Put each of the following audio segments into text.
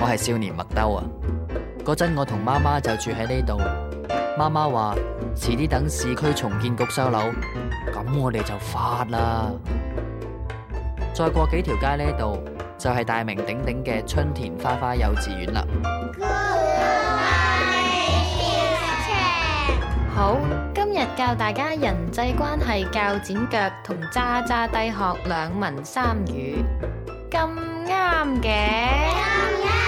我係少年麥兜啊！嗰陣我同媽媽就住喺呢度。媽媽話，遲啲等市區重建局收樓，咁我哋就發啦。再過幾條街呢度就係大名鼎鼎嘅春田花花幼稚園啦。Good, Good Yeah. 好，今日教大家人際關係教剪腳同渣渣低學兩文三語，咁啱嘅。Yeah.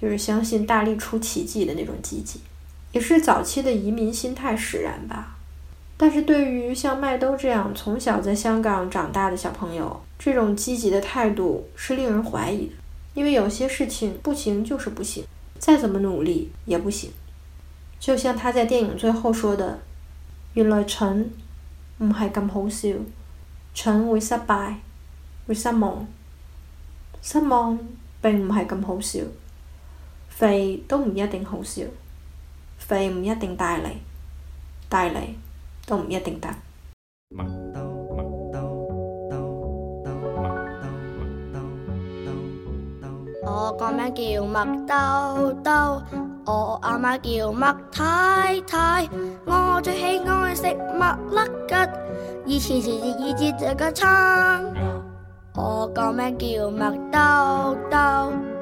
就是相信大力出奇跡的那種積極，也是早期的移民心態使然吧。但是對於像麥兜這樣從小在香港長大的小朋友，這種積極的態度是令人懷疑的，因為有些事情不行就是不行，再怎麼努力也不行。就像他在電影最後說的：“原來陳，唔係咁好笑，陳會失敗，會失望，失望並唔係咁好笑。”肥都唔一定好笑，肥唔一定大利，大利都唔一定得。麥兜麥兜兜兜麥兜麥兜兜兜，我個名叫麥兜兜，我阿媽叫麥太太，我最喜愛食麥粒吉，以前是節以節食嘅餐。我個名叫麥兜兜。